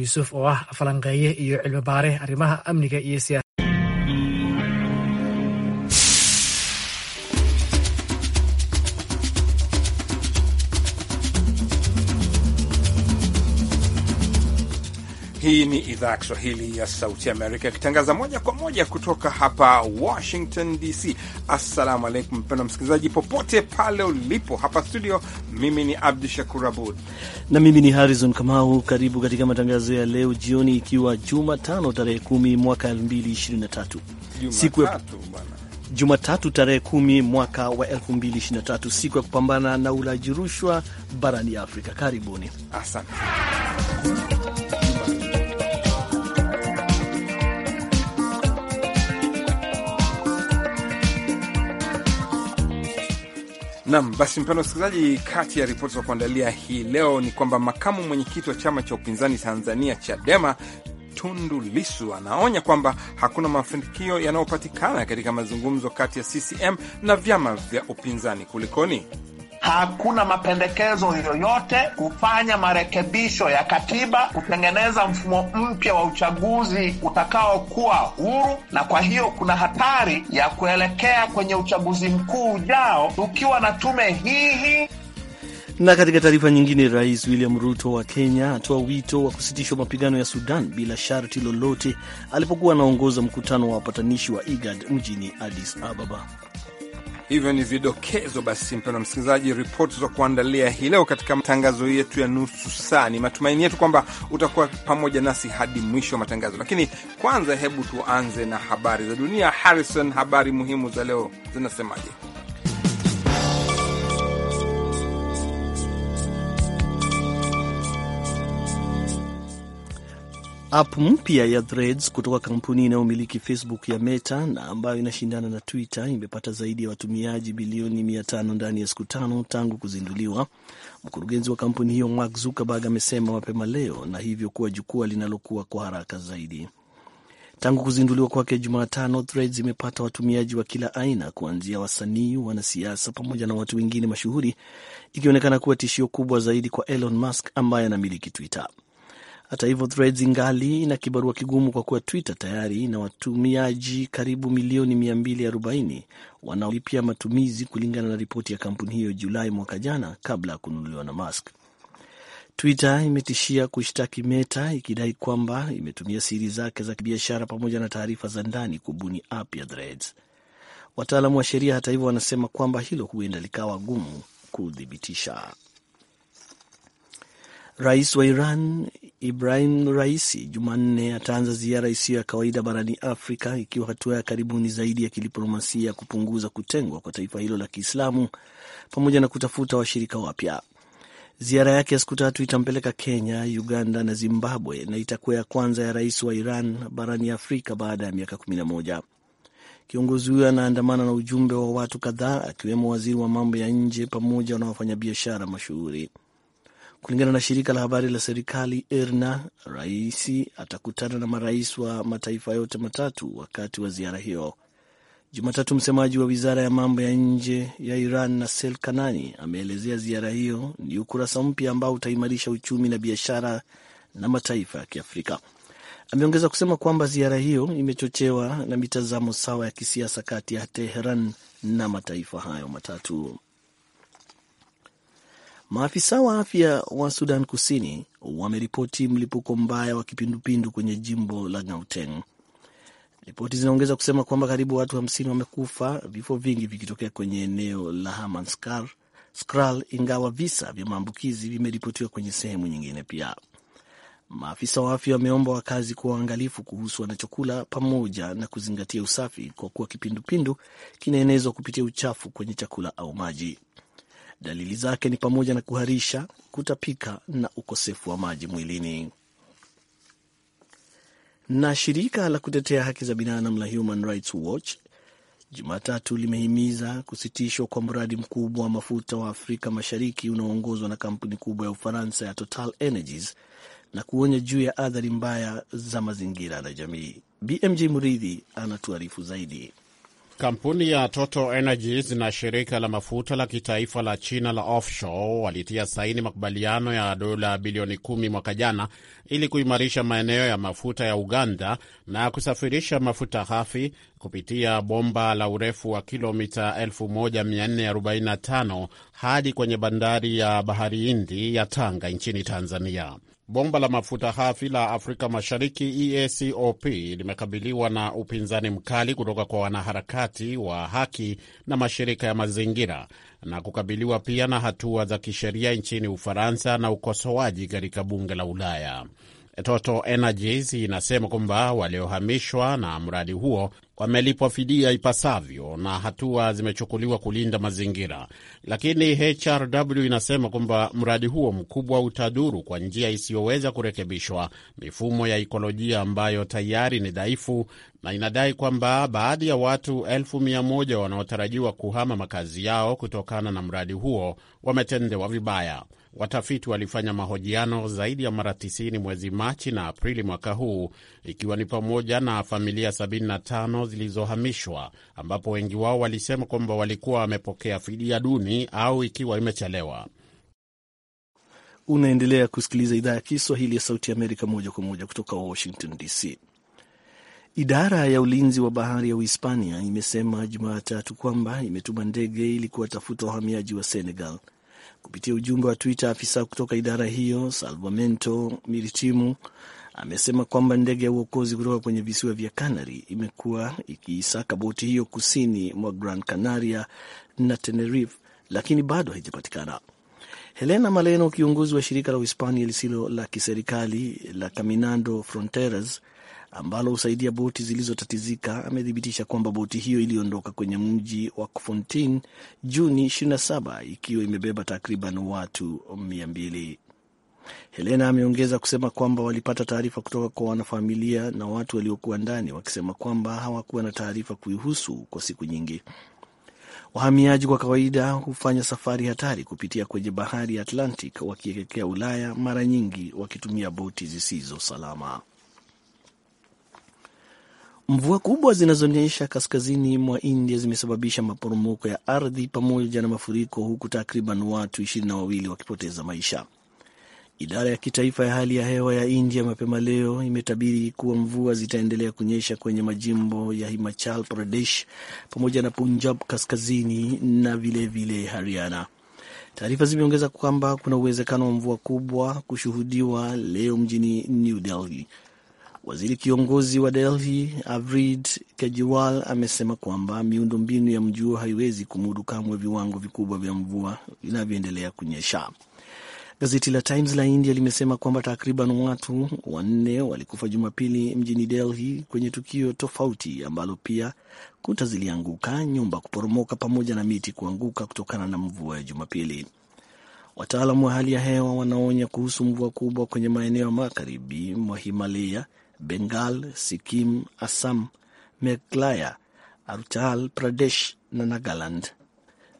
yuusuf oo ah falanqeeye iyo cilmi baare arrimaha amniga iyo siyaasada Hii ni idhaa ya Kiswahili ya Sauti Amerika ikitangaza moja kwa moja kutoka hapa Washington DC. Assalamu alaikum, mpendwa msikilizaji popote pale ulipo. Hapa studio, mimi ni Abdu Shakur Abud na mimi ni Harrison Kamau. Karibu katika matangazo ya leo jioni, ikiwa Jumatano tarehe kumi mwaka 2023 siku ya Jumatatu tarehe kumi mwaka wa 2023, siku ya kupambana na ulaji rushwa barani Afrika. Karibuni, asante. Nam basi, mpendwa msikilizaji, kati ya ripoti za kuandalia hii leo ni kwamba makamu mwenyekiti wa chama cha upinzani Tanzania Chadema Tundu Lisu anaonya kwamba hakuna mafanikio yanayopatikana katika mazungumzo kati ya CCM na vyama vya upinzani. Kulikoni? hakuna mapendekezo yoyote kufanya marekebisho ya katiba, kutengeneza mfumo mpya wa uchaguzi utakaokuwa huru, na kwa hiyo kuna hatari ya kuelekea kwenye uchaguzi mkuu ujao tukiwa na tume hihi Na katika taarifa nyingine, Rais William Ruto wa Kenya atoa wito wa kusitishwa mapigano ya Sudan bila sharti lolote alipokuwa anaongoza mkutano wa wapatanishi wa IGAD mjini Addis Ababa. Hivyo ni vidokezo basi, mpendwa msikilizaji, ripoti za kuandalia hii leo katika matangazo yetu ya nusu saa. Ni matumaini yetu kwamba utakuwa pamoja nasi hadi mwisho wa matangazo, lakini kwanza, hebu tuanze na habari za dunia. Harrison, habari muhimu za leo zinasemaje? App mpya ya Threads kutoka kampuni inayomiliki Facebook ya Meta na ambayo inashindana na Twitter imepata zaidi ya watumiaji bilioni tano ndani ya siku tano tangu kuzinduliwa, mkurugenzi wa kampuni hiyo Mark Zuckerberg amesema mapema leo, na hivyo kuwa jukwaa linalokuwa kwa haraka zaidi. Tangu kuzinduliwa kwake Jumatano, Threads imepata watumiaji wa kila aina, kuanzia wasanii, wanasiasa pamoja na watu wengine mashuhuri, ikionekana kuwa tishio kubwa zaidi kwa Elon Musk ambaye anamiliki Twitter. Hata hivyo, Threads ingali ina kibarua kigumu kwa kuwa Twitter tayari ina watumiaji karibu milioni 240 wanaolipia matumizi, kulingana na ripoti ya kampuni hiyo Julai mwaka jana, kabla ya kununuliwa na Musk. Twitter imetishia kushtaki Meta ikidai kwamba imetumia siri zake za kibiashara pamoja na taarifa za ndani kubuni app ya Threads. Wataalamu wa sheria, hata hivyo, wanasema kwamba hilo huenda likawa gumu kuthibitisha. Rais wa Iran Ibrahim Raisi Jumanne ataanza ziara isiyo ya kawaida barani Afrika, ikiwa hatua ya karibuni zaidi ya kidiplomasia ya kupunguza kutengwa kwa taifa hilo la Kiislamu pamoja na kutafuta washirika wapya. Ziara yake ya siku tatu itampeleka Kenya, Uganda na Zimbabwe na itakuwa ya kwanza ya rais wa Iran barani Afrika baada ya miaka kumi na moja. Kiongozi huyo anaandamana na ujumbe wa watu kadhaa, akiwemo waziri wa mambo ya nje pamoja na wafanyabiashara mashuhuri. Kulingana na shirika la habari la serikali IRNA, rais atakutana na marais wa mataifa yote matatu wakati wa ziara hiyo. Jumatatu, msemaji wa wizara ya mambo ya nje ya Iran sel Kanani ameelezea ziara hiyo ni ukurasa mpya ambao utaimarisha uchumi na biashara na mataifa ya Kiafrika. Ameongeza kusema kwamba ziara hiyo imechochewa na mitazamo sawa ya kisiasa kati ya Teheran na mataifa hayo matatu. Maafisa wa afya wa Sudan Kusini wameripoti mlipuko mbaya wa kipindupindu kwenye jimbo la Gauteng. Ripoti zinaongeza kusema kwamba karibu watu hamsini wamekufa, vifo vingi vikitokea kwenye eneo la Hamanscar Skral, ingawa visa vya maambukizi vimeripotiwa kwenye sehemu nyingine pia. Maafisa wa afya wameomba wakazi kuwa waangalifu kuhusu wanachokula pamoja na kuzingatia usafi, kwa kuwa kipindupindu kinaenezwa kupitia uchafu kwenye chakula au maji. Dalili zake ni pamoja na kuharisha, kutapika na ukosefu wa maji mwilini. Na shirika la kutetea haki za binadamu la Human Rights Watch Jumatatu limehimiza kusitishwa kwa mradi mkubwa wa mafuta wa Afrika Mashariki unaoongozwa na kampuni kubwa ya Ufaransa ya Total Energies na kuonya juu ya athari mbaya za mazingira na jamii. BMJ Muridhi anatuarifu zaidi. Kampuni ya Total Energies na shirika la mafuta la kitaifa la China la offshore walitia saini makubaliano ya dola bilioni kumi mwaka jana ili kuimarisha maeneo ya mafuta ya Uganda na kusafirisha mafuta ghafi kupitia bomba la urefu wa kilomita 1445 hadi kwenye bandari ya Bahari Hindi ya Tanga nchini Tanzania. Bomba la mafuta hafi la Afrika Mashariki EACOP limekabiliwa na upinzani mkali kutoka kwa wanaharakati wa haki na mashirika ya mazingira na kukabiliwa pia na hatua za kisheria nchini Ufaransa na ukosoaji katika bunge la Ulaya. Total Energies inasema kwamba waliohamishwa na mradi huo wamelipwa fidia ipasavyo na hatua zimechukuliwa kulinda mazingira, lakini HRW inasema kwamba mradi huo mkubwa utadhuru kwa njia isiyoweza kurekebishwa mifumo ya ikolojia ambayo tayari ni dhaifu, na inadai kwamba baadhi ya watu elfu mia moja wanaotarajiwa kuhama makazi yao kutokana na mradi huo wametendewa vibaya. Watafiti walifanya mahojiano zaidi ya mara 90 mwezi Machi na Aprili mwaka huu, ikiwa ni pamoja na familia 75 zilizohamishwa, ambapo wengi wao walisema kwamba walikuwa wamepokea fidia duni au ikiwa imechelewa. Unaendelea kusikiliza idhaa ya Kiswahili ya Sauti ya Amerika moja kwa moja kutoka Washington DC. Idara ya ulinzi wa bahari ya Uhispania imesema Jumatatu kwamba imetuma ndege ili kuwatafuta wahamiaji wa Senegal Kupitia ujumbe wa Twitter, afisa kutoka idara hiyo Salvamento miritimu amesema kwamba ndege ya uokozi kutoka kwenye visiwa vya Canary imekuwa ikiisaka boti hiyo kusini mwa Gran Canaria na Tenerife, lakini bado haijapatikana. Helena Maleno, kiongozi wa shirika la Uhispania lisilo la kiserikali la Caminando Fronteras, ambalo husaidia boti zilizotatizika, amethibitisha kwamba boti hiyo iliondoka kwenye mji wa Fontaine Juni 27 ikiwa imebeba takriban watu 200. Helena ameongeza kusema kwamba walipata taarifa kutoka kwa wanafamilia na watu waliokuwa ndani wakisema kwamba hawakuwa na taarifa kuihusu kwa siku nyingi. Wahamiaji kwa kawaida hufanya safari hatari kupitia kwenye bahari ya Atlantic wakielekea Ulaya, mara nyingi wakitumia boti zisizo salama. Mvua kubwa zinazonyesha kaskazini mwa India zimesababisha maporomoko ya ardhi pamoja na mafuriko huku takriban watu ishirini na wawili wakipoteza maisha. Idara ya kitaifa ya hali ya hewa ya India mapema leo imetabiri kuwa mvua zitaendelea kunyesha kwenye majimbo ya Himachal Pradesh pamoja na Punjab kaskazini na vilevile vile Haryana. Taarifa zimeongeza kwamba kuna uwezekano wa mvua kubwa kushuhudiwa leo mjini New Delhi. Waziri kiongozi wa Delhi Arvind Kejriwal amesema kwamba miundo mbinu ya mji huo haiwezi kumudu kamwe viwango vikubwa vya mvua vinavyoendelea kunyesha. Gazeti la Times la India limesema kwamba takriban watu wanne walikufa Jumapili mjini Delhi kwenye tukio tofauti ambalo pia kuta zilianguka, nyumba kuporomoka, pamoja na miti kuanguka kutokana na mvua ya Jumapili. Wataalamu wa hali ya hewa wanaonya kuhusu mvua kubwa kwenye maeneo ya magharibi mwa Himalaya Bengal, Sikkim, Assam, Meghalaya, Arunachal Pradesh na Nagaland,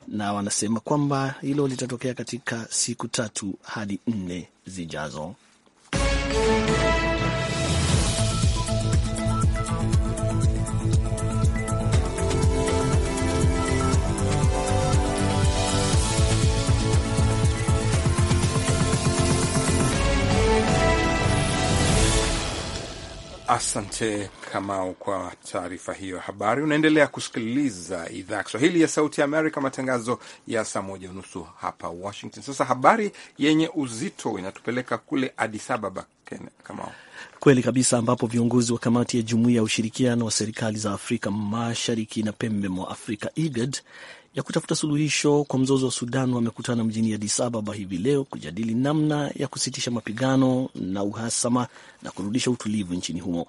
na wanasema kwamba hilo litatokea katika siku tatu hadi nne zijazo. Asante Kamau kwa taarifa hiyo. Habari unaendelea kusikiliza idhaa ya Kiswahili ya Sauti ya Amerika, matangazo ya saa moja unusu hapa Washington. Sasa habari yenye uzito inatupeleka kule Addis Ababa, Kweli kabisa, ambapo viongozi wa kamati ya Jumuiya ya Ushirikiano wa Serikali za Afrika Mashariki na Pembe mwa Afrika IGAD ya kutafuta suluhisho kwa mzozo wa Sudan wamekutana mjini Addis Ababa hivi leo kujadili namna ya kusitisha mapigano na uhasama na kurudisha utulivu nchini humo.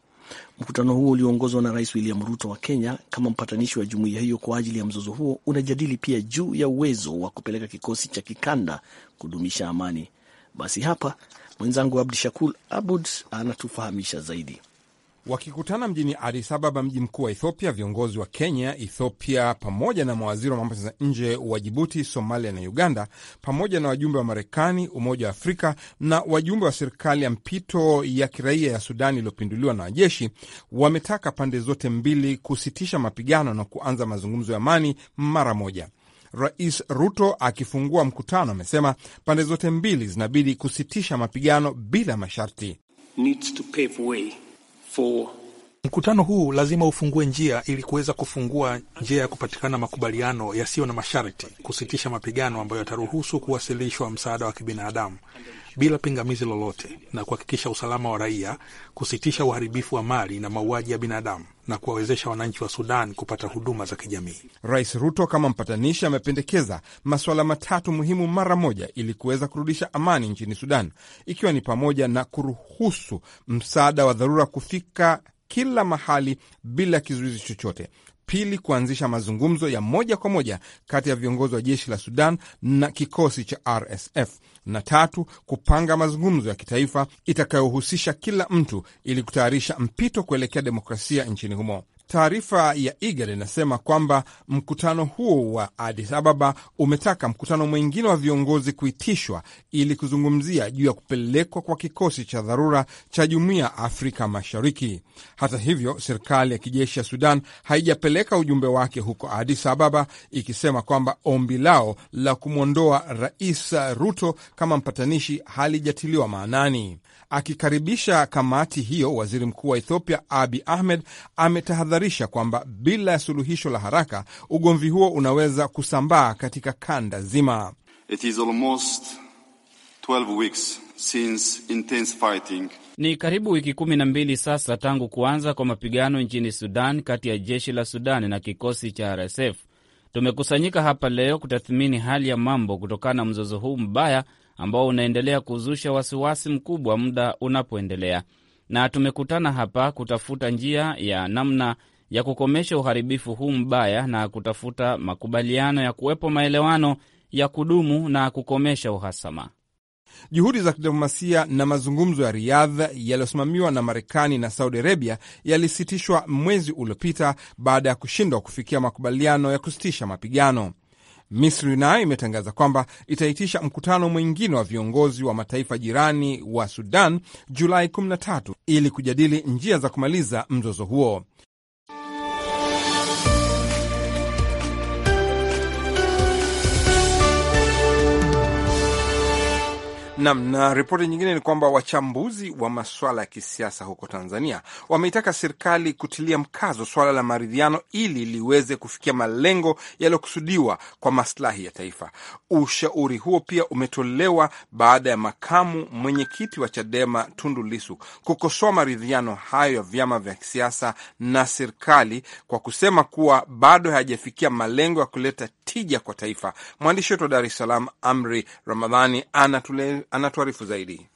Mkutano huo ulioongozwa na Rais William Ruto wa Kenya kama mpatanishi wa jumuiya hiyo kwa ajili ya mzozo huo unajadili pia juu ya uwezo wa kupeleka kikosi cha kikanda kudumisha amani. Basi hapa mwenzangu Abdi Shakur Abud anatufahamisha zaidi. Wakikutana mjini Addis Ababa, mji mkuu wa Ethiopia, viongozi wa Kenya, Ethiopia pamoja na mawaziri wa mambo za nje wa Jibuti, Somalia na Uganda, pamoja na wajumbe wa Marekani, Umoja wa Afrika na wajumbe wa serikali ya mpito ya kiraia ya Sudani iliyopinduliwa na wajeshi, wametaka pande zote mbili kusitisha mapigano na kuanza mazungumzo ya amani mara moja. Rais Ruto akifungua mkutano amesema pande zote mbili zinabidi kusitisha mapigano bila masharti Needs to pave way for... Mkutano huu lazima ufungue njia ili kuweza kufungua njia ya kupatikana makubaliano yasiyo na masharti kusitisha mapigano ambayo yataruhusu kuwasilishwa msaada wa kibinadamu bila pingamizi lolote na kuhakikisha usalama wa raia, kusitisha uharibifu wa mali na mauaji ya binadamu na kuwawezesha wananchi wa Sudan kupata huduma za kijamii. Rais Ruto kama mpatanishi amependekeza masuala matatu muhimu mara moja ili kuweza kurudisha amani nchini Sudan, ikiwa ni pamoja na kuruhusu msaada wa dharura kufika kila mahali bila kizuizi chochote, pili kuanzisha mazungumzo ya moja kwa moja kati ya viongozi wa jeshi la Sudan na kikosi cha RSF, na tatu kupanga mazungumzo ya kitaifa itakayohusisha kila mtu ili kutayarisha mpito kuelekea demokrasia nchini humo. Taarifa ya IGAD inasema kwamba mkutano huo wa Addis Ababa umetaka mkutano mwingine wa viongozi kuitishwa ili kuzungumzia juu ya kupelekwa kwa kikosi cha dharura cha Jumuiya ya Afrika Mashariki. Hata hivyo, serikali ya kijeshi ya Sudan haijapeleka ujumbe wake huko Addis Ababa, ikisema kwamba ombi lao la kumwondoa Rais Ruto kama mpatanishi halijatiliwa maanani. Akikaribisha kamati hiyo, waziri mkuu wa Ethiopia Abi Ahmed ametahadharisha kwamba bila ya suluhisho la haraka, ugomvi huo unaweza kusambaa katika kanda zima. It is almost 12 weeks since intense fighting ni karibu wiki kumi na mbili sasa tangu kuanza kwa mapigano nchini Sudan kati ya jeshi la Sudan na kikosi cha RSF. Tumekusanyika hapa leo kutathmini hali ya mambo kutokana na mzozo huu mbaya ambao unaendelea kuzusha wasiwasi mkubwa muda unapoendelea, na tumekutana hapa kutafuta njia ya namna ya kukomesha uharibifu huu mbaya na kutafuta makubaliano ya kuwepo maelewano ya kudumu na kukomesha uhasama. Juhudi za kidiplomasia na mazungumzo ya Riyadh yaliyosimamiwa na Marekani na Saudi Arabia yalisitishwa mwezi uliopita baada ya kushindwa kufikia makubaliano ya kusitisha mapigano. Misri nayo imetangaza kwamba itaitisha mkutano mwingine wa viongozi wa mataifa jirani wa Sudan Julai 13 ili kujadili njia za kumaliza mzozo huo. Nam na ripoti nyingine ni kwamba wachambuzi wa masuala ya kisiasa huko Tanzania wameitaka serikali kutilia mkazo swala la maridhiano ili liweze kufikia malengo yaliyokusudiwa kwa maslahi ya taifa. Ushauri huo pia umetolewa baada ya makamu mwenyekiti wa Chadema Tundu Lisu kukosoa maridhiano hayo ya vyama vya kisiasa na serikali kwa kusema kuwa bado hayajafikia malengo ya kuleta tija kwa taifa. Mwandishi wetu wa Dar es Salaam Amri Ramadhani anatule anatuarifu zaidi.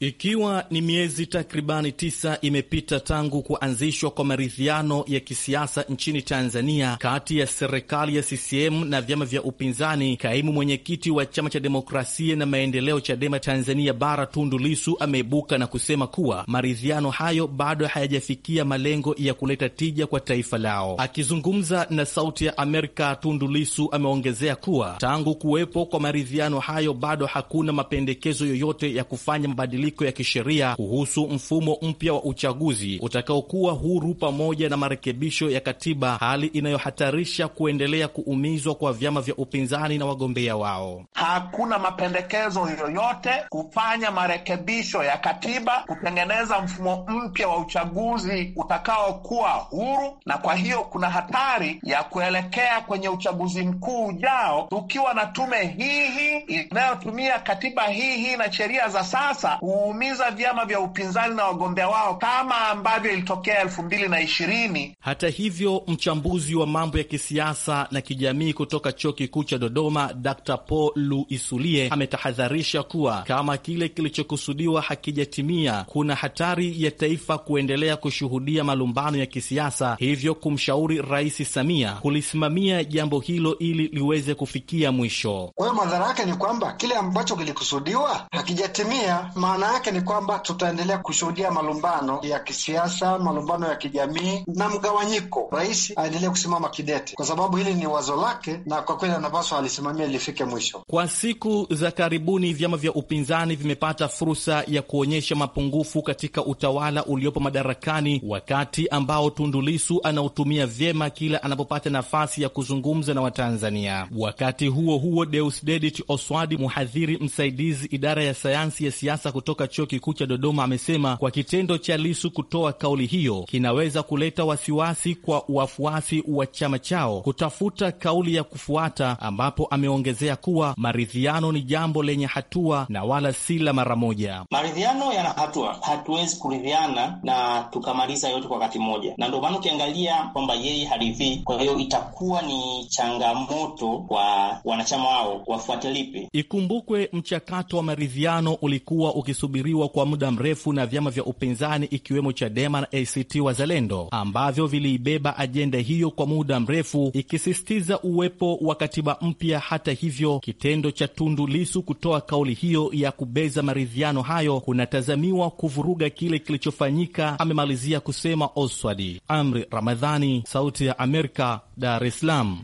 Ikiwa ni miezi takribani tisa imepita tangu kuanzishwa kwa maridhiano ya kisiasa nchini Tanzania kati ya serikali ya CCM na vyama vya upinzani, kaimu mwenyekiti wa chama cha demokrasia na maendeleo CHADEMA Tanzania Bara, Tundu Lisu ameibuka na kusema kuwa maridhiano hayo bado hayajafikia malengo ya kuleta tija kwa taifa lao. Akizungumza na Sauti ya Amerika, Tundu Lisu ameongezea kuwa tangu kuwepo kwa maridhiano hayo bado hakuna mapendekezo yoyote ya kufanya mabadiliko mabadiliko ya kisheria kuhusu mfumo mpya wa uchaguzi utakaokuwa huru pamoja na marekebisho ya katiba, hali inayohatarisha kuendelea kuumizwa kwa vyama vya upinzani na wagombea wao. Hakuna mapendekezo yoyote kufanya marekebisho ya katiba, kutengeneza mfumo mpya wa uchaguzi utakaokuwa huru, na kwa hiyo kuna hatari ya kuelekea kwenye uchaguzi mkuu ujao tukiwa na tume hii hii inayotumia katiba hii hii na sheria za sasa kuumiza vyama vya upinzani na wagombea wao kama ambavyo ilitokea elfu mbili na ishirini. Hata hivyo, mchambuzi wa mambo ya kisiasa na kijamii kutoka chuo kikuu cha Dodoma, Dr Paul Luisulie ametahadharisha kuwa kama kile kilichokusudiwa hakijatimia, kuna hatari ya taifa kuendelea kushuhudia malumbano ya kisiasa, hivyo kumshauri Rais Samia kulisimamia jambo hilo ili liweze kufikia mwisho. Kwa hiyo madhara yake ni kwamba kile ambacho kilikusudiwa hakijatimia maana yake ni kwamba tutaendelea kushuhudia malumbano ya kisiasa, malumbano ya kijamii na mgawanyiko. Rais aendelee kusimama kidete, kwa sababu hili ni wazo lake, na kwa kweli anapaswa alisimamia ilifike mwisho. Kwa siku za karibuni, vyama vya upinzani vimepata fursa ya kuonyesha mapungufu katika utawala uliopo madarakani, wakati ambao Tundulisu anautumia vyema kila anapopata nafasi ya kuzungumza na Watanzania. Wakati huo huo, Deusdedit Oswadi, mhadhiri msaidizi idara ya sayansi ya siasa kutoka kutoka chuo kikuu cha Dodoma amesema kwa kitendo cha Lisu kutoa kauli hiyo kinaweza kuleta wasiwasi kwa wafuasi wa chama chao kutafuta kauli ya kufuata, ambapo ameongezea kuwa maridhiano ni jambo lenye hatua na wala si la mara moja. Maridhiano yana hatua, hatuwezi kuridhiana na tukamaliza yote kwa wakati mmoja, na ndio maana ukiangalia kwamba yeye haridhii, kwa hiyo itakuwa ni changamoto kwa wanachama wao wafuate lipi. Ikumbukwe mchakato wa maridhiano ulikuwa ukis yamesubiriwa kwa muda mrefu na vyama vya upinzani ikiwemo Chadema na ACT Wazalendo ambavyo viliibeba ajenda hiyo kwa muda mrefu ikisisitiza uwepo wa katiba mpya. Hata hivyo, kitendo cha Tundu Lisu kutoa kauli hiyo ya kubeza maridhiano hayo kunatazamiwa kuvuruga kile kilichofanyika, amemalizia kusema Oswadi Amri Ramadhani, Sauti ya Amerika, Dar es Salaam.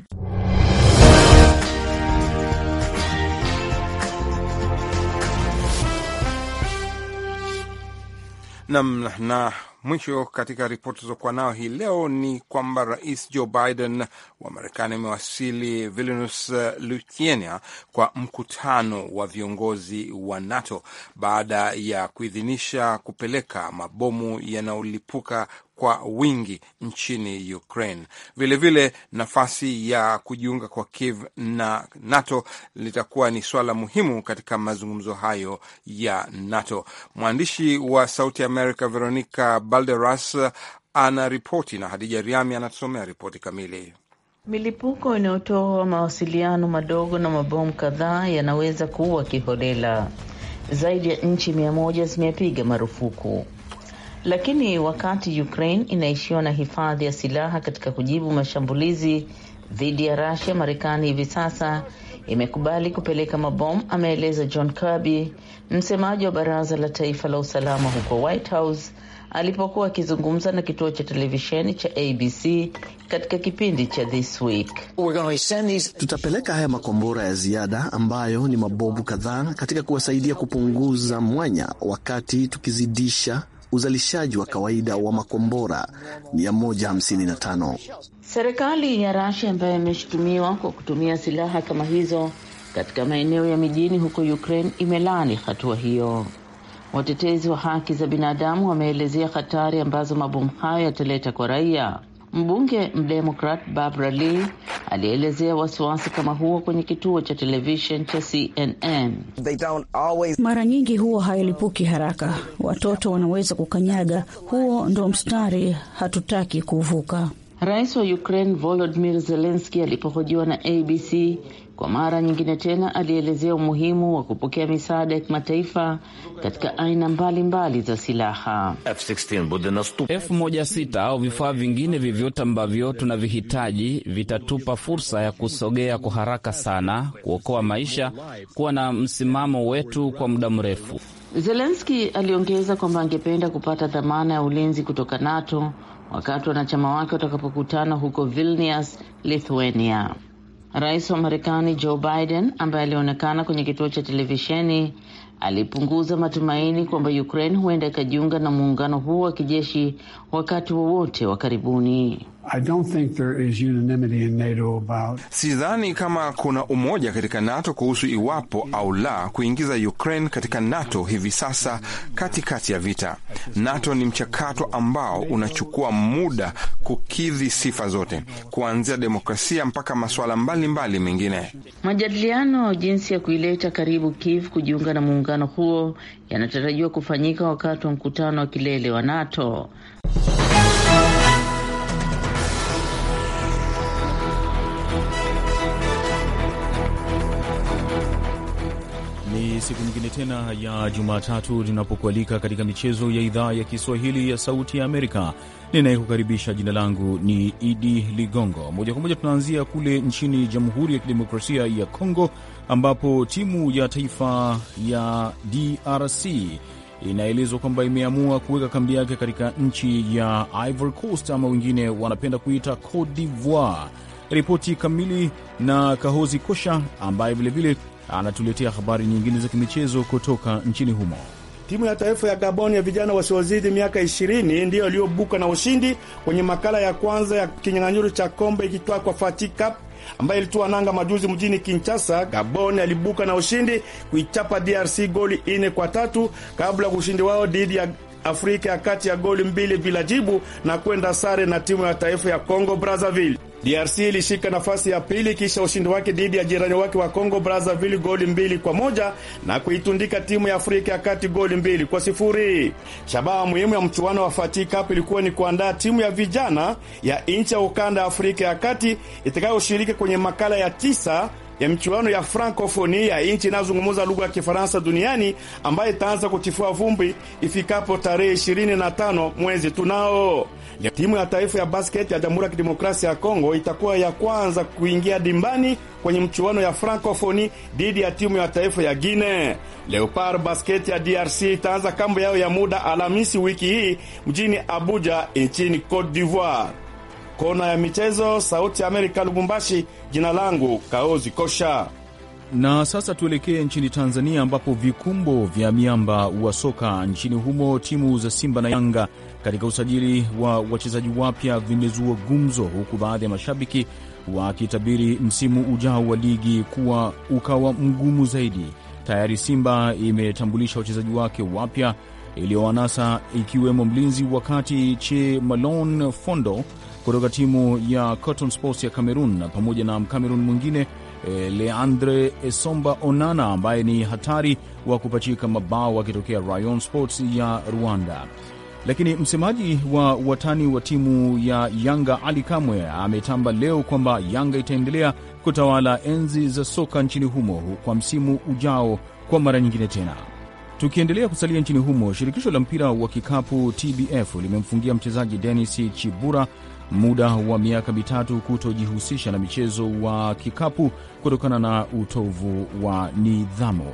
Nam na, na mwisho katika ripoti zokuwa nao hii leo ni kwamba Rais Joe Biden wa Marekani amewasili Vilnius, eh, Lithuania kwa mkutano wa viongozi wa NATO baada ya kuidhinisha kupeleka mabomu yanayolipuka kwa wingi nchini Ukraine. Vilevile nafasi ya kujiunga kwa Kiev na NATO litakuwa ni swala muhimu katika mazungumzo hayo ya NATO. Mwandishi wa Sauti America Veronica Balderas anaripoti na Hadija Riami anatusomea ripoti kamili. Milipuko inayotoa mawasiliano madogo na mabomu kadhaa yanaweza kuua kiholela. Zaidi ya nchi mia moja zimepiga marufuku lakini wakati Ukraine inaishiwa na hifadhi ya silaha katika kujibu mashambulizi dhidi ya Russia, Marekani hivi sasa imekubali kupeleka mabomu, ameeleza John Kirby, msemaji wa baraza la taifa la usalama huko White House alipokuwa akizungumza na kituo cha televisheni cha ABC katika kipindi cha This Week. These... tutapeleka haya makombora ya ziada ambayo ni mabomu kadhaa katika kuwasaidia kupunguza mwanya wakati tukizidisha uzalishaji wa kawaida wa makombora 155. Serikali ya Rasia ambayo imeshutumiwa kwa kutumia silaha kama hizo katika maeneo ya mijini huko Ukraine imelaani hatua hiyo. Watetezi wa haki za binadamu wameelezea hatari ambazo mabomu hayo yataleta kwa raia Mbunge mdemokrat Barbara Lee alielezea wasiwasi kama huo kwenye kituo cha televishen cha CNN. always... mara nyingi huo hailipuki haraka, watoto wanaweza kukanyaga. Huo ndo mstari hatutaki kuvuka. Rais wa Ukraine Volodymyr Zelensky alipohojiwa na ABC kwa mara nyingine tena alielezea umuhimu wa kupokea misaada ya kimataifa katika aina mbalimbali za silaha F16 au vifaa vingine vyovyote ambavyo tunavihitaji vitatupa fursa ya kusogea kwa haraka sana, kuokoa maisha, kuwa na msimamo wetu kwa muda mrefu. Zelenski aliongeza kwamba angependa kupata dhamana ya ulinzi kutoka NATO wakati wanachama wake watakapokutana huko Vilnius, Lithuania. Rais wa Marekani Joe Biden ambaye alionekana kwenye kituo cha televisheni alipunguza matumaini kwamba Ukraine huenda ikajiunga na muungano huo wa kijeshi wakati wowote wa karibuni. I don't think there is unanimity in NATO about... sidhani kama kuna umoja katika NATO kuhusu iwapo au la kuingiza Ukraine katika NATO hivi sasa katikati kati ya vita. NATO ni mchakato ambao unachukua muda kukidhi sifa zote, kuanzia demokrasia mpaka masuala mbalimbali mengine. Majadiliano jinsi ya kuileta karibu Kiev kujiunga na muungano huo yanatarajiwa kufanyika wakati wa mkutano wa kilele wa NATO. siku nyingine tena ya Jumatatu linapokualika katika michezo ya idhaa ya Kiswahili ya Sauti ya Amerika. Ninayekukaribisha, jina langu ni Idi Ligongo. Moja kwa moja tunaanzia kule nchini Jamhuri ya Kidemokrasia ya Kongo, ambapo timu ya taifa ya DRC inaelezwa kwamba imeamua kuweka kambi yake katika nchi ya Ivory Coast ama wengine wanapenda kuita Cote d'Ivoire. Ripoti kamili na Kahozi Kosha ambaye vilevile anatuletea habari nyingine za kimichezo kutoka nchini humo. Timu ya taifa ya Gabon ya vijana wasiozidi miaka 20 ndiyo iliyobuka na ushindi kwenye makala ya kwanza ya kinyang'anyiro cha kombe ikitwaa kwa Fati Cup ambaye ilitoa nanga majuzi mjini Kinshasa. Gabon alibuka na ushindi kuichapa DRC goli ine kwa tatu kabla ya ushindi wao dhidi ya Afrika ya kati ya goli mbili bila jibu na kwenda sare na timu ya taifa ya Congo Brazzaville. DRC ilishika nafasi ya pili kisha ushindi wake dhidi ya jirani wake wa congo Brazzaville goli mbili kwa moja na kuitundika timu ya Afrika ya Kati goli mbili kwa sifuri. Shabaha muhimu ya mchuano wa Fati Cup ilikuwa ni kuandaa timu ya vijana ya nchi ya ukanda ya Afrika ya Kati itakayoshiriki kwenye makala ya tisa ya michuano ya Frankofoni ya nchi inayozungumza lugha ya Kifaransa duniani ambayo itaanza kutifua vumbi ifikapo tarehe 25 mwezi tunao. Timu ya taifa ya basket ya Jamhuri ya Kidemokrasia ya Kongo itakuwa ya kwanza kuingia dimbani kwenye mchuano ya Francofoni dhidi ya timu ya taifa ya Guine. Leopard Basket ya DRC itaanza kambo yao ya muda Alhamisi wiki hii mjini Abuja nchini Cote d'Ivoire. Kona ya michezo, Sauti ya Amerika, Lubumbashi. Jina langu Kaozi Kosha. Na sasa tuelekee nchini Tanzania ambapo vikumbo vya miamba wa soka nchini humo, timu za Simba na Yanga katika usajili wa wachezaji wapya vimezua gumzo, huku baadhi ya mashabiki wakitabiri msimu ujao wa ligi kuwa ukawa mgumu zaidi. Tayari Simba imetambulisha wachezaji wake wapya iliyowanasa ikiwemo mlinzi wa kati Che Malone Fondo kutoka timu ya Cotton Sports ya Cameroon pamoja na Mcameroon mwingine eh, Leandre Esomba Onana ambaye ni hatari wa kupachika mabao akitokea Rayon Sports ya Rwanda. Lakini msemaji wa watani wa timu ya Yanga Ali Kamwe ametamba leo kwamba Yanga itaendelea kutawala enzi za soka nchini humo kwa msimu ujao kwa mara nyingine tena. Tukiendelea kusalia nchini humo, shirikisho la mpira wa kikapu TBF limemfungia mchezaji Denis Chibura muda wa miaka mitatu kutojihusisha na michezo wa kikapu kutokana na utovu wa nidhamu.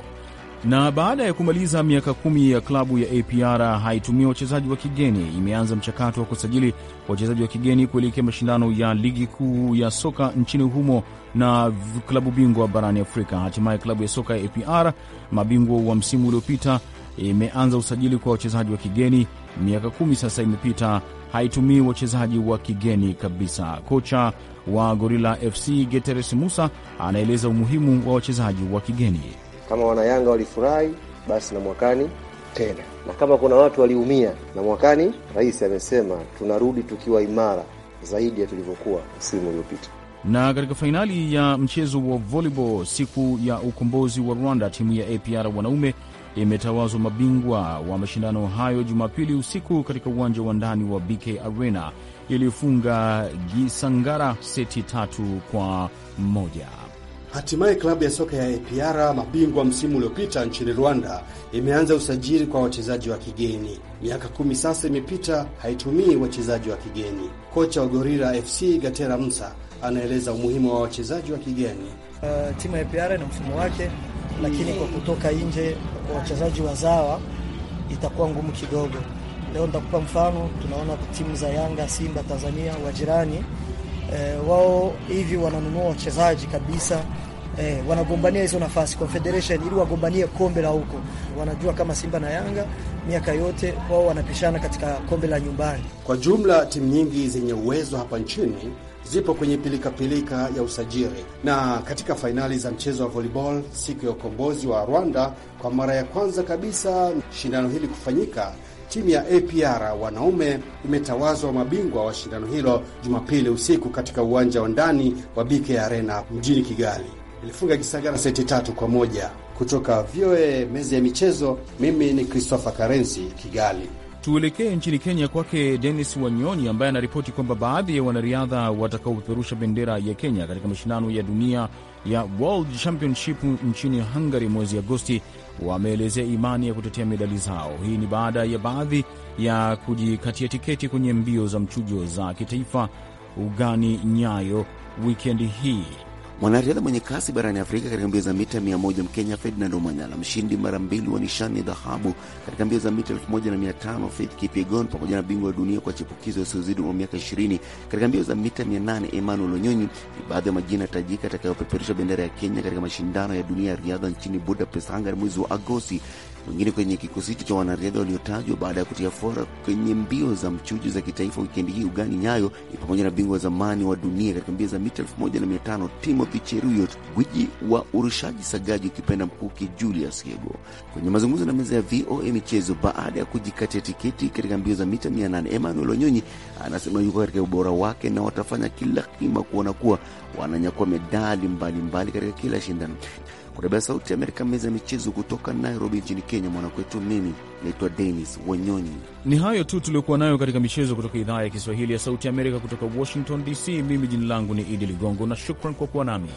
Na baada ya kumaliza miaka kumi ya klabu ya APR haitumia wachezaji wa kigeni, imeanza mchakato wa kusajili wachezaji wa kigeni kuelekea mashindano ya ligi kuu ya soka nchini humo na klabu bingwa barani Afrika. Hatimaye klabu ya soka ya APR, mabingwa wa msimu uliopita, imeanza usajili kwa wachezaji wa kigeni. Miaka kumi sasa imepita, haitumii wachezaji wa kigeni kabisa. Kocha wa Gorilla FC Geteres Musa anaeleza umuhimu wa wachezaji wa kigeni. Kama wanayanga walifurahi, basi na mwakani tena, na kama kuna watu waliumia, na mwakani, rais amesema tunarudi tukiwa imara zaidi ya tulivyokuwa msimu uliopita. Na katika fainali ya mchezo wa volleyball siku ya ukombozi wa Rwanda, timu ya APR wanaume imetawazwa mabingwa wa mashindano hayo Jumapili usiku katika uwanja wa ndani wa BK Arena. iliyofunga Gisangara seti tatu kwa moja. Hatimaye klabu ya soka ya APR mabingwa msimu uliopita nchini Rwanda imeanza usajili kwa wachezaji wa kigeni. Miaka kumi sasa imepita haitumii wachezaji wa kigeni. Kocha wa Gorira FC Gatera Musa anaeleza umuhimu wa wachezaji wa kigeni. Uh, timu ya APR na mfumo wake, lakini kwa kutoka nje kwa wachezaji wazawa itakuwa ngumu kidogo. Leo nitakupa mfano, tunaona timu za Yanga, Simba, Tanzania wajirani e, wao hivi wananunua wachezaji kabisa e, wanagombania hizo nafasi Confederation ili wagombanie kombe la huko. Wanajua kama Simba na Yanga miaka yote wao wanapishana katika kombe la nyumbani. Kwa jumla timu nyingi zenye uwezo hapa nchini zipo kwenye pilikapilika pilika ya usajili. Na katika fainali za mchezo wa volleyball siku ya ukombozi wa Rwanda, kwa mara ya kwanza kabisa shindano hili kufanyika timu ya APR wanaume imetawazwa mabingwa wa shindano hilo Jumapili usiku katika uwanja wa ndani wa BK Arena mjini Kigali. Ilifunga Gisagara seti tatu kwa moja. Kutoka VOA meza ya michezo, mimi ni Christopher Karenzi, Kigali. Tuelekee nchini Kenya, kwake Denis wanyoni ambaye anaripoti kwamba baadhi ya wanariadha watakaopeperusha bendera ya Kenya katika mashindano ya dunia ya World Championship nchini Hungary mwezi Agosti wameelezea imani ya kutetea medali zao. Hii ni baada ya baadhi ya kujikatia tiketi kwenye mbio za mchujo za kitaifa ugani Nyayo wikendi hii. Mwanariadha mwenye kasi barani Afrika katika mbio za mita 100, Mkenya Ferdinand Omanyala, mshindi mara mbili wa nishani dhahabu katika mbio za mita 1500, Faith Kipyegon, pamoja na bingwa wa dunia kwa chipukizo wasiozidi wa miaka 20 katika mbio za mita 800, Emmanuel Onyonyi, ni baadhi ya majina tajika atakayopeperusha bendera ya Kenya katika mashindano ya dunia ya riadha nchini Budapest, Hungary, mwezi wa Agosti mwingine kwenye kikosi hicho cha wanariadha waliotajwa baada ya kutia fora kwenye mbio za mchujo za kitaifa wikendi hii ugani Nyayo ni pamoja na bingwa wa zamani wa dunia katika mbio za mita 1500 Timothy Cheruyot, gwiji wa urushaji sagaji ukipenda mkuki Julius Yego. Kwenye mazungumzo na meza ya VOA michezo baada ya kujikatia tiketi katika mbio za mita 8 Emmanuel Onyonyi anasema yuko katika ubora wake na watafanya kila kima kuona kuwa wananyakua medali mbalimbali katika kila shindano. Kutabia Sauti ya Amerika, meza ya michezo kutoka Nairobi nchini Kenya, mwanakwetu mimi naitwa Denis Wanyonyi. Ni hayo tu tuliokuwa nayo katika michezo kutoka idhaa ya Kiswahili ya Sauti ya Amerika kutoka Washington DC. Mimi jina langu ni Idi Ligongo na shukran kwa kuwa nami.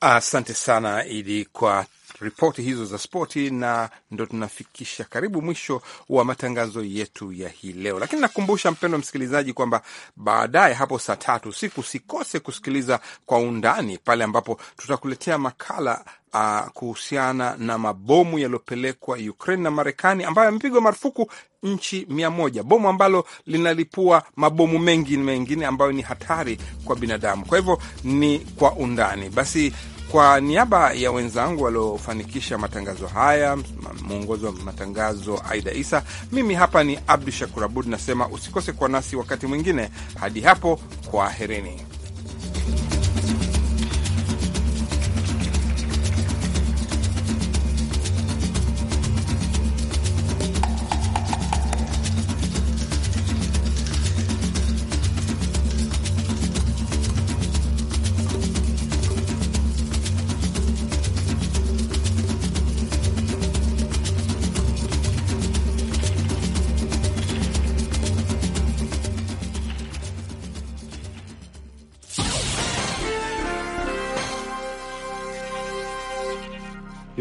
Asante sana Idi kwa ripoti hizo za spoti, na ndo tunafikisha karibu mwisho wa matangazo yetu ya hii leo, lakini nakumbusha mpendo msikilizaji kwamba baadaye hapo saa tatu usiku usikose kusikiliza kwa undani pale ambapo tutakuletea makala Uh, kuhusiana na mabomu yaliyopelekwa Ukraine na Marekani ambayo yamepigwa marufuku nchi mia moja, bomu ambalo linalipua mabomu mengi mengine ambayo ni hatari kwa binadamu. Kwa hivyo ni kwa undani basi. Kwa niaba ya wenzangu waliofanikisha matangazo haya, mwongozi wa matangazo Aida Isa, mimi hapa ni Abdu Shakur Abud nasema usikose kwa nasi wakati mwingine. Hadi hapo, kwa herini.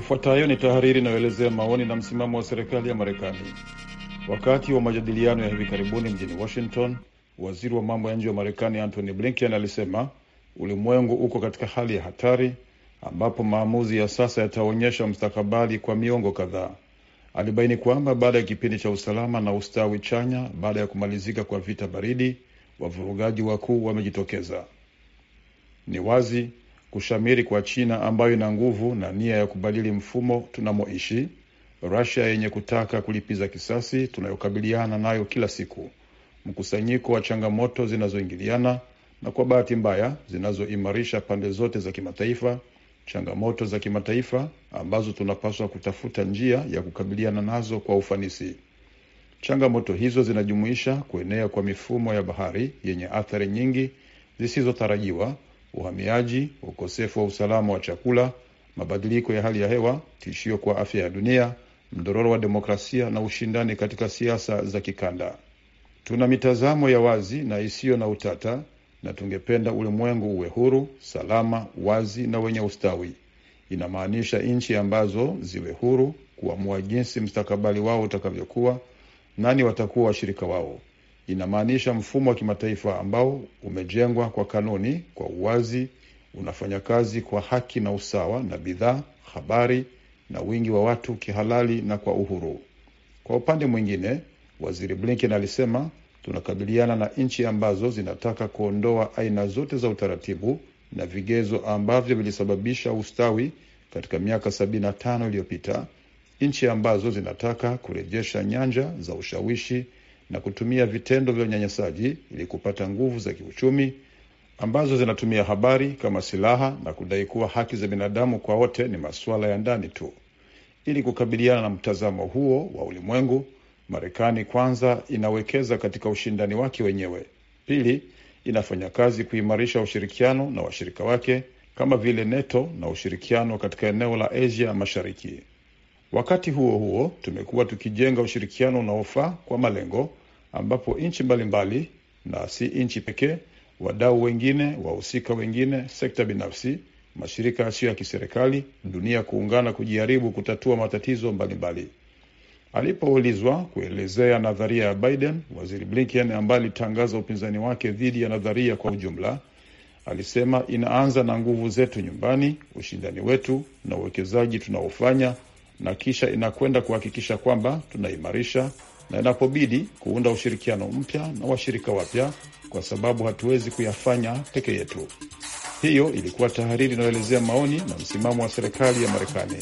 Ifuatayo ni tahariri inayoelezea maoni na msimamo wa serikali ya Marekani. Wakati wa majadiliano ya hivi karibuni mjini Washington, waziri wa mambo ya nje wa Marekani Antony Blinken alisema ulimwengu uko katika hali ya hatari ambapo maamuzi ya sasa yataonyesha mustakabali kwa miongo kadhaa. Alibaini kwamba baada ya kipindi cha usalama na ustawi chanya baada ya kumalizika kwa vita baridi, wavurugaji wakuu wamejitokeza. Ni wazi kushamiri kwa China ambayo ina nguvu na nia ya kubadili mfumo tunamoishi, rasia yenye kutaka kulipiza kisasi tunayokabiliana nayo kila siku, mkusanyiko wa changamoto zinazoingiliana na kwa bahati mbaya zinazoimarisha pande zote za kimataifa, changamoto za kimataifa ambazo tunapaswa kutafuta njia ya kukabiliana nazo kwa ufanisi. Changamoto hizo zinajumuisha kuenea kwa mifumo ya bahari yenye athari nyingi zisizotarajiwa uhamiaji, ukosefu wa usalama wa chakula, mabadiliko ya hali ya hewa, tishio kwa afya ya dunia, mdororo wa demokrasia na ushindani katika siasa za kikanda. Tuna mitazamo ya wazi na isiyo na utata na tungependa ulimwengu uwe huru, salama, wazi na wenye ustawi. Inamaanisha nchi ambazo ziwe huru kuamua jinsi mstakabali wao utakavyokuwa, nani watakuwa washirika wao inamaanisha mfumo wa kimataifa ambao umejengwa kwa kanuni, kwa uwazi, unafanya kazi kwa haki na usawa, na bidhaa, habari na wingi wa watu kihalali na kwa uhuru. Kwa upande mwingine, waziri Blinken alisema tunakabiliana na nchi ambazo zinataka kuondoa aina zote za utaratibu na vigezo ambavyo vilisababisha ustawi katika miaka 75 iliyopita, nchi ambazo zinataka kurejesha nyanja za ushawishi na kutumia vitendo vya unyanyasaji ili kupata nguvu za kiuchumi ambazo zinatumia habari kama silaha na kudai kuwa haki za binadamu kwa wote ni masuala ya ndani tu. Ili kukabiliana na mtazamo huo wa ulimwengu, Marekani kwanza inawekeza katika ushindani wake wenyewe. Pili, inafanya kazi kuimarisha ushirikiano na washirika wake kama vile neto na ushirikiano katika eneo la Asia Mashariki. Wakati huo huo, tumekuwa tukijenga ushirikiano unaofaa kwa malengo, ambapo nchi mbalimbali na si nchi pekee, wadau wengine, wahusika wengine, sekta binafsi, mashirika yasiyo ya kiserikali, dunia kuungana kujaribu kutatua matatizo mbalimbali. Alipoulizwa kuelezea nadharia ya Biden, waziri Blinken ambaye alitangaza upinzani wake dhidi ya nadharia kwa ujumla, alisema inaanza na nguvu zetu nyumbani, ushindani wetu na uwekezaji tunaofanya na kisha inakwenda kuhakikisha kwamba tunaimarisha na inapobidi kuunda ushirikiano mpya na washirika wapya, kwa sababu hatuwezi kuyafanya peke yetu. Hiyo ilikuwa tahariri inayoelezea maoni na msimamo wa serikali ya Marekani.